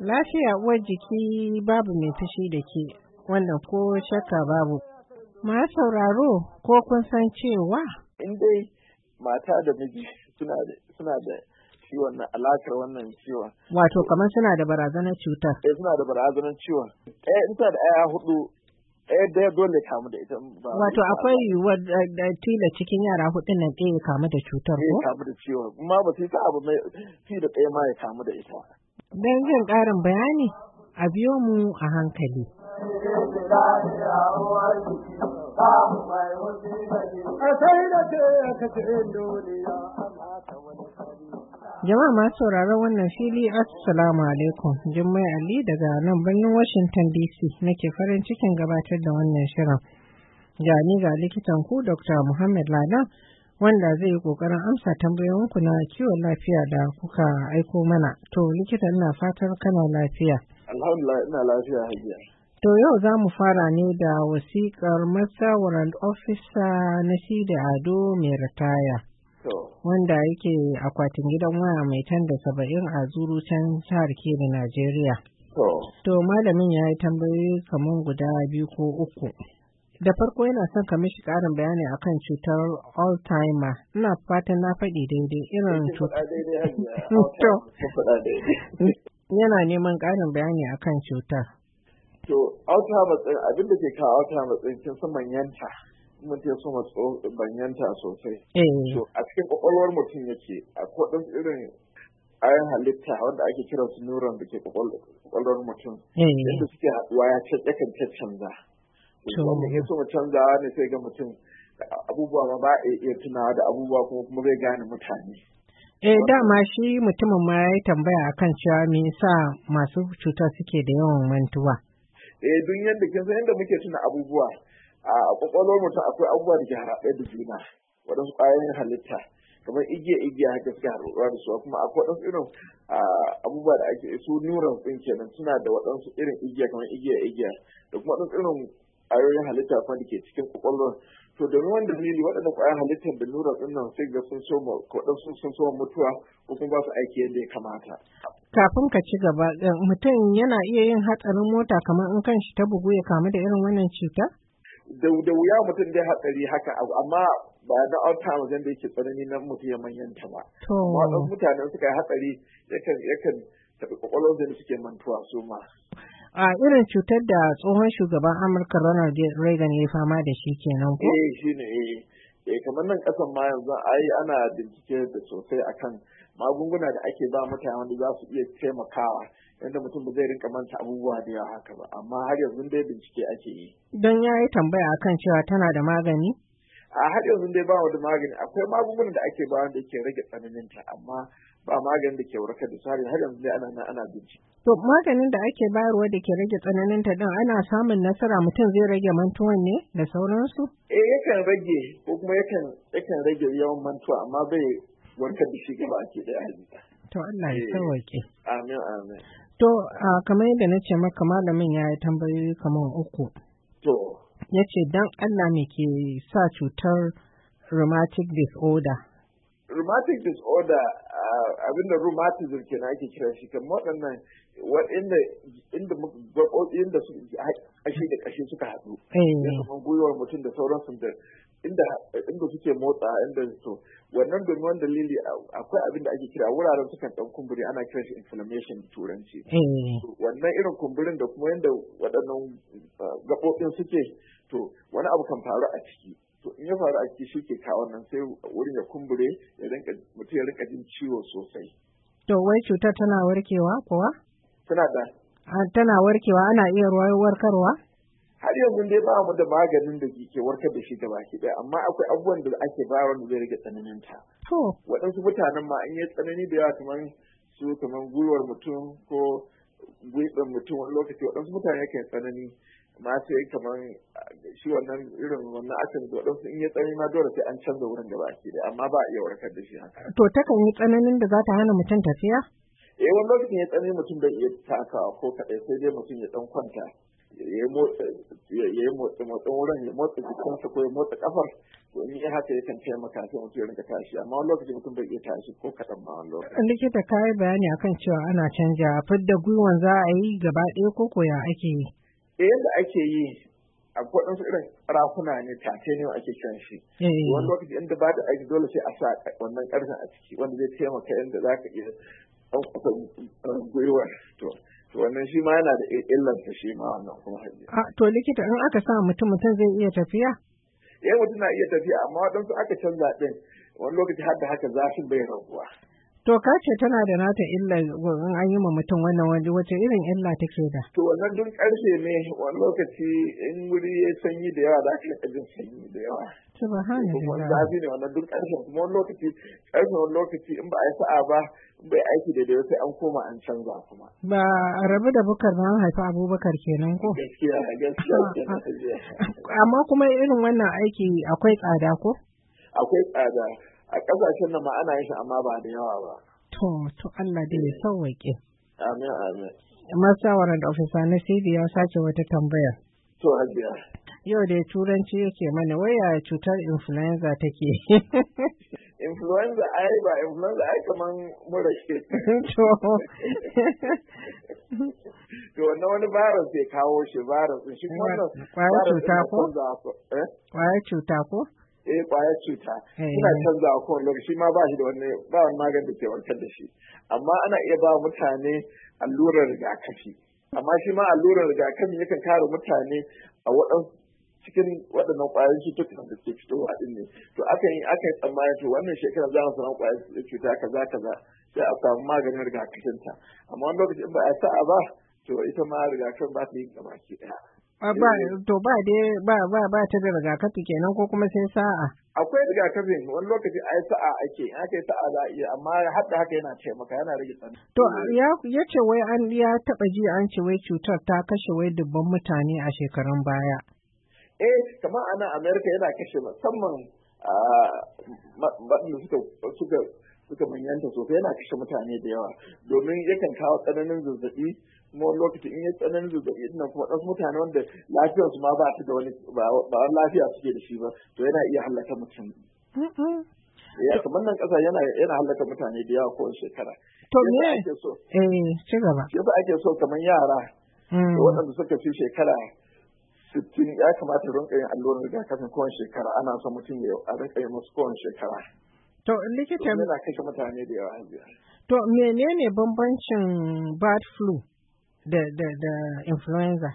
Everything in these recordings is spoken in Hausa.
Lafiya uwar jiki babu mai fushi da ke, wannan ko shakka babu. Ma sauraro ko kun san cewa? In dai mata da miji suna da ciwon na alakar wannan ciwon. Wato kamar suna da barazanar cutar. Eh suna da barazanar ciwon. Eh in da aya hudu ɗaya eh, ɗaya dole kamu da ita ba wato akwai yiwuwar eh, tila cikin yara hudun nan ɗaya kamu da cutar eh, ko kamu da ciwon ma ba sai ta abu mai fi da ɗaya ma ya kamu da ita dan jin ƙarin bayani a biyo mu a hankali a sai da ce ka ce duniya ana ta wani Jama'a masu sauraron wannan fili Assalamu alaikum. Jummai Ali daga nan birnin Washington DC nake farin cikin gabatar da wannan shirin. Jani ga likitan ku Dr. Muhammad Lada wanda zai yi kokarin amsa tambayoyinku na kiwon lafiya da kuka aiko mana. To likita ina fatar kana lafiya. Alhamdulillah ina lafiya hajiya. To yau za mu fara ne da wasiƙar masawar Warrant Officer na Shida Ado mai ritaya. wanda yake akwatin gidan waya mai can da saba'in a zuru can jihar Kebbi, Najeriya. To malamin ya yi tambayoyi kamar guda biyu ko uku. Da farko yana son ka mishi ƙarin bayani akan cutar Alzheimer. Ina fatan na faɗi daidai irin cutar. Yana neman ƙarin bayani akan cutar. To, Alzheimer abin da ke kawo Alzheimer tsin kin san manyanta. mun ta so matso banyanta sosai so eh. a cikin kwakwalwar mutum yake a kodin irin ayan halitta wanda ake kiran su neuron da ke kwakwalwar mutum eh. Yadda suke haɗuwa ya yakan canza wanda ya so mu canza ne sai ga mutum abubuwa ma ba a iya tunawa da abubuwa kuma kuma bai gane mutane eh dama shi mutumin ma ya tambaya kan cewa me yasa masu cutar suke da yawan mantuwa eh duk yadda kin san yadda muke tuna abubuwa a kwakwalwar mutum akwai abubuwa da ke haraɓe da juna waɗansu ƙwayoyin halitta kamar igiya igiya haka suka haruwa da su kuma akwai waɗansu irin abubuwa da ake su neurons ɗin kenan suna da waɗansu irin igiya kamar igiya igiya da kuma waɗansu irin ƙwayoyin halitta kuma da ke cikin kwakwalwar to domin wanda dalili waɗanda ƙwayar halittar da nura ɗin nan sai ga sun so waɗansu sun so mutuwa ko kuma ba su aiki yadda ya kamata. Kafin ka ci gaba eh, mutum yana iya yin hatsarin mota kamar in kan shi ta bugu ya kamu da irin wannan cuta? da wuya mutum dai hatsari haka amma ba na out time wajen da yake tsanani na mutum ya manyanta ba amma mutanen suka yi hatsari yakan yakan tafi kwakwalwar da suke mantuwa su ma a irin cutar da tsohon shugaban amurka ronald reagan ya fama da shi kenan ko eh shi ne. eh, eh kamar nan kasan ma yanzu ai ana bincike da sosai akan magunguna da ake ba mutane wanda za su iya taimakawa yadda mutum ba zai rinka manta abubuwa da yawa haka ba amma har yanzu dai bincike ake yi don ya yi tambaya akan cewa tana da magani a har yanzu dai ba da magani akwai magungunan da ake ba wanda ke rage tsananin ta, amma ba maganin da ke warkar da sari har yanzu dai ana nan ana bincike to maganin da ake bayarwa da ke rage tsananin ta din ana samun nasara mutum zai rage mantuwan ne da sauransu eh yakan rage ko kuma yakan yakan rage yawan mantuwa amma bai warkar da shi gaba ake da to Allah ya eh. sauke amin amin To, a kamar yadda na ce maka malamin ya yi tambayoyi kamar uku. To. Ya ce, don Allah ne ke sa cutar rheumatic disorder? Rheumatic disorder abinda rheumatism ke na ake kira shi kamar waɗannan waɗanda inda gaɓoɓin inda su ƙashe da ƙashe suka haɗu. Ya eh. kamar gwiwar mutum da sauransu da inda suke motsa inda to wannan domin wani dalili akwai abin da ake kira wuraren sukan dan kumburi ana kira shi inflammation turanci hmm. wannan irin kumburin da kuma yadda waɗannan ah, gaɓoɓin suke to wani abu kan faru a ciki to in ya faru a ciki shi ke kawo nan sai wurin ya kumbure ya rinka mutum ya rinka jin ciwo sosai to wai cutar tana warkewa kuwa tana da ah, tana warkewa ana iya karwa. har yanzu dai ba mu da maganin da ke warkar da shi baki ɗaya amma akwai abubuwan da ake ba wanda zai rage tsananin ta waɗansu mutanen ma an yi tsanani da yawa kamar su kamar gwiwar mutum ko gwiwar mutum wani lokaci waɗansu mutane kan tsanani ma yi kamar shi wannan irin wannan akan da waɗansu in yi tsanani ma dole sai an canza wurin da baki ɗaya amma ba a iya warkar da shi haka. To takan yi tsananin da za ta hana mutum tafiya? Eh wani lokacin ya tsanani mutum bai iya takawa ko kaɗai sai dai mutum ya ɗan kwanta. ya yi motsa motsa wurin ya motsa jikinsa ko ya motsa kafar to in yi haka yakan taimaka sai mutum ya rinka tashi amma wani lokaci mutum bai iya tashi ko kaɗan ba wani lokaci. likita ka yi bayani akan cewa ana canja fidda gwiwan za a yi gaba ɗaya ko koya ake yi. eh yadda ake yi a waɗansu irin rafuna ne tafe ne ake kiran shi. Eh, eh. wani lokaci inda ba da aiki dole sai a sa wannan ƙarfin a ciki wanda zai taimaka yadda za ka iya ɗaukaka gwiwar to. wannan shi ma yana da illar ta shi ma wannan kuma hajiya. A to likita in aka sa mutum mutum zai iya tafiya? Eh mutum na iya tafiya amma waɗansu aka canza ɗin wani lokaci har da haka zafin bai raguwa. To ka ce tana da nata illa in an yi ma mutum wannan waje wace irin illa take da? To wannan duk ƙarfe ne wani lokaci in wuri ya sanyi da yawa za ka iya jin sanyi da yawa. zafi ne wannan duk ƙarshen kuma wani lokaci ƙarshen wani lokaci in ba a yi sa'a ba bai aiki daidai, sai an koma an canza kuma. ba a rabu da bukar ba an haifi abubakar kenan ko. gaskiya gaskiya amma kuma irin wannan aiki akwai tsada ko. akwai tsada a ƙasashen nan ma ana yin shi amma ba da yawa ba. to to Allah dai ya sauwaƙe. amin amin. masu shawarar da ofisa na cibiyar sace wata tambayar. to hajiya. yau da turanci yake mana waya cutar influenza take influenza ai ba influenza ai kaman mura ce to to wannan wani virus ya kawo shi virus shi wannan kwayar cuta ko eh? kwayar cuta ko eh kwayar cuta Ina eh, eh. canza ko lokaci ma ba shi da wani ba wani magani da ke warkar da shi amma ana iya ba mutane allurar rigakafi amma shi ma allurar rigakafi yakan kare mutane a waɗansu cikin waɗannan ƙwayoyin cututtuka da suke a ɗin ne to aka yi aka yi tsammani to wannan shekarar za mu samu ƙwayar cuta kaza kaza sai a samu maganin rigakafin ta amma wani lokaci in ba a sa'a ba to ita ma rigakafin ba ta yi gaba ki ɗaya. Ah, ba to ba dai ba ba ba ta da rigakafi kenan ko kuma sai sa'a. akwai rigakafin wani lokaci ai sa'a ake in aka yi sa'a za a iya amma har da haka yana taimaka yana rage tsanani. to ya ya ce wai an ya taɓa ji an ce wai cutar ta kashe wai dubban mutane a shekarun baya. eh kamar a nan america yana kashe musamman ah, waɗanda suka suka suka manyanta sosai yana kashe mutane da yawa domin yakan kawo tsananin zazzaɓi kuma lokaci in ya tsananin zazzabi ina kuma ɗan mutane wanda lafiyarsu ma ba su da wani ba wani lafiya suke da shi ba to yana iya hallaka mutum ya kamar nan ƙasa yana yana hallaka mutane da yawa kowace shekara to me ake so eh ci gaba yasa ake so kamar yara mm. waɗanda suka fi shekara sittin ya kamata rinka yin allurar rigakafin kowane shekara ana son mutum ya rinka yi musu kowane shekara. To likita yana kashe mutane da yawa To menene bambancin bad flu da da da influenza?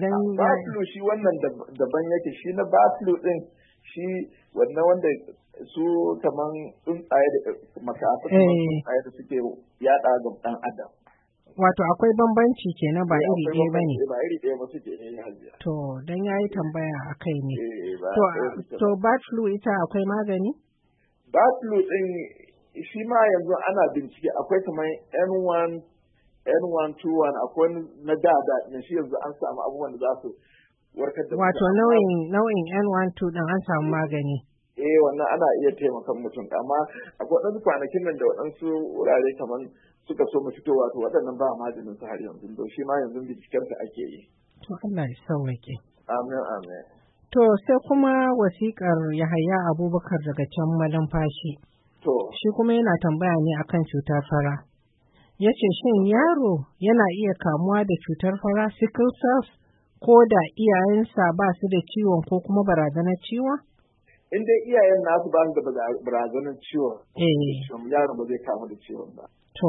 Dan ah, flu shi wannan daban yake shi na bad flu din shi wannan wanda su kaman tsuntsaye da makafi eh. tsuntsaye da suke yada ga dan adam. Wato akwai bambanci kenan ba eh, iri ɗaya ba ne. Ba iri ɗaya ba suke To don ya yi tambaya a kai ne. Eh, to bat flu ita akwai magani? Bat flu ɗin shi ma yanzu ana bincike akwai kamar N1 N121 akwai na da da shi yanzu an samu abubuwan da za su warkar da Wato nau'in nau'in N12 ɗin an samu magani. eh wannan ana iya taimakon mutum amma akwai waɗansu kwanakin nan da waɗansu wurare kamar suka so mu fito wato waɗannan ba maganin su har yanzu to shi ma yanzu binciken su ake yi to Allah ya sauke amin amin to sai kuma wasikar Yahaya Abubakar daga can malamfashi to shi kuma yana tambaya ne akan cutar fara ya ce shin yaro yana iya kamuwa da cutar fara sickle cells ko da iyayensa ba su da ciwon ko kuma barazanar ciwon? in dai iyayen nasu ba da barazanar ciwon ciwon eh. yaron ba zai kamu da ciwon ba to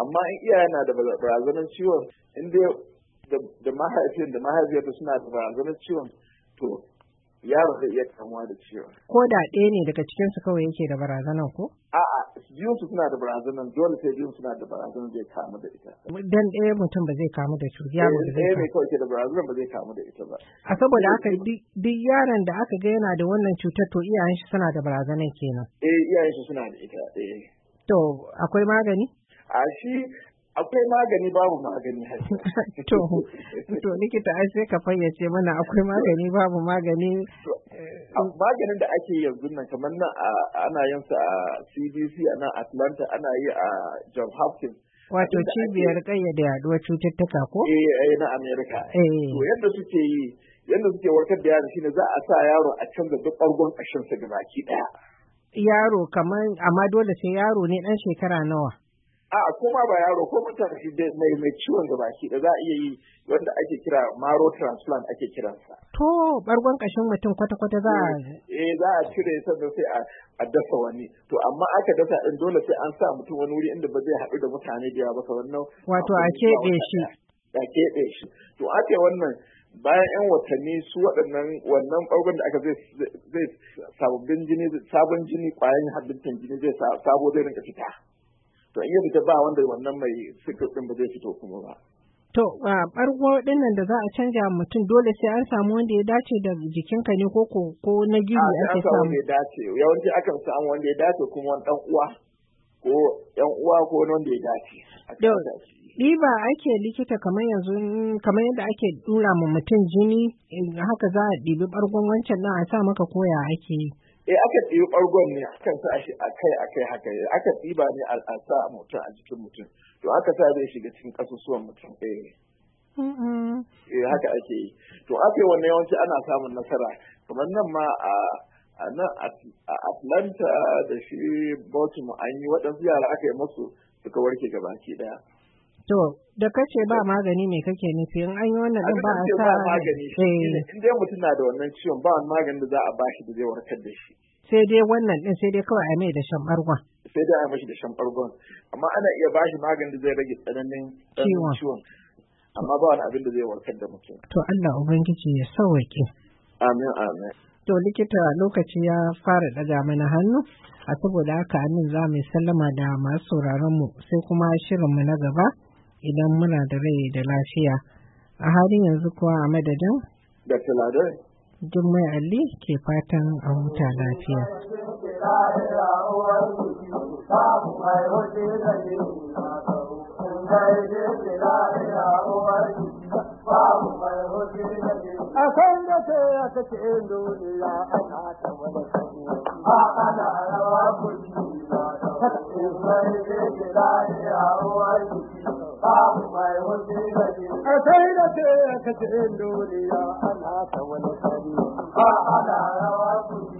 amma in iyayen na da barazanar ciwon in dai da mahaifin da mahaifiyar suna da barazanar ciwon to yaro zai iya kamuwa da ciwon. Ko da ɗaya ne daga cikin su kawai yake da barazanar ko? A'a, biyun su suna da barazanar, dole sai biyun suna da barazanar zai kamu da ita. Dan ɗaya mutum ba zai kamu da cuta, yaro da zai eh, kamu. Ɗaya kawai ke da barazanar ba zai kamu da ita ba. A saboda haka duk yaron da aka ga yana da wannan cutar to iyayen shi suna da barazanar kenan. Eh, iyayen shi suna da ita. Eh. To, akwai magani? A shi akwai magani babu magani to to likita ai sai ka fayyace mana akwai magani babu magani maganin da ake yanzu nan kamar nan ana yin sa a CDC ana Atlanta ana yi a John Hopkins wato cibiyar kayyade yaduwar cututtuka ko eh, eh na America eh. to yadda suke yi yadda suke warkar da yaro shine za a sa yaro a canza duk ɓargon kashin sa ki daya yaro kamar amma dole sai yaro ne dan shekara nawa a kuma ba yaro ko mutum da mai mai ciwon gaba baki da za a iya yi wanda ake kira maro transplant ake kiransa. To bargon kashin mutum kwata-kwata za a. Eh za a cire sannan sai a dasa wani. To amma aka dasa din dole sai an sa mutum wani wuri inda ba zai haɗu da mutane da yawa ba wannan. Wato a keɓe shi. A keɓe shi. To ake wannan bayan 'yan watanni su waɗannan wannan ɓargon da aka zai sababbin sabon jini ƙwayan halittar jini zai sabo zai rinka fita. to in ya fita ba wanda wannan mai sikir ɗin ba zai fito kuma ba. To, ɓargo ɗin nan da za a canja mutum dole sai an samu wanda ya dace da jikinka ne ko ko na gini ake samu. wanda ya dace, yawanci akan samu wanda ya dace kuma wani ɗan uwa ko ɗan uwa ko wani wanda ya dace. Ɗiba ake likita kamar yanzu kamar yadda ake dura ma mutum jini haka za a ɗibi ɓargon wancan nan a sa maka koya ake yi. eh aka ɗibi ɓargon ne akan sa shi a kai a kai haka aka ɗiba ne a sa mutum a jikin mutum to aka sa zai shiga cikin ƙasusuwan mutum eh mm-hmm. eh haka ake yi to aka yi wannan yawanci ana samun nasara kamar nan ma a a nan a atlanta da shi baltimore an yi waɗansu yara aka yi masu suka warke gabaki ɗaya To da kace ba magani me kake nufi in an yi wannan din ba a sa magani eh. in dai mutum na da wannan ciwon ba wani magani da za a bashi da zai warkar da shi sai dai wannan din sai dai kawai a mai da shan bargon sai dai a mai da shan bargon amma ana iya bashi magani da zai rage tsananin ciwon amma ba wani abin da zai warkar da mutum to Allah ubangiji ya sauke amin amin to likita lokaci ya fara daga mana hannu a saboda haka anan za mu sallama da masu sauraron mu sai kuma shirin mu na gaba idan muna da rai da lafiya. A halin yanzu kuwa a madadin? Da Jin Jummai Ali ke fatan a huta lafiya. Akwai a sai da ce ka ce duniya ana wani kari ba ana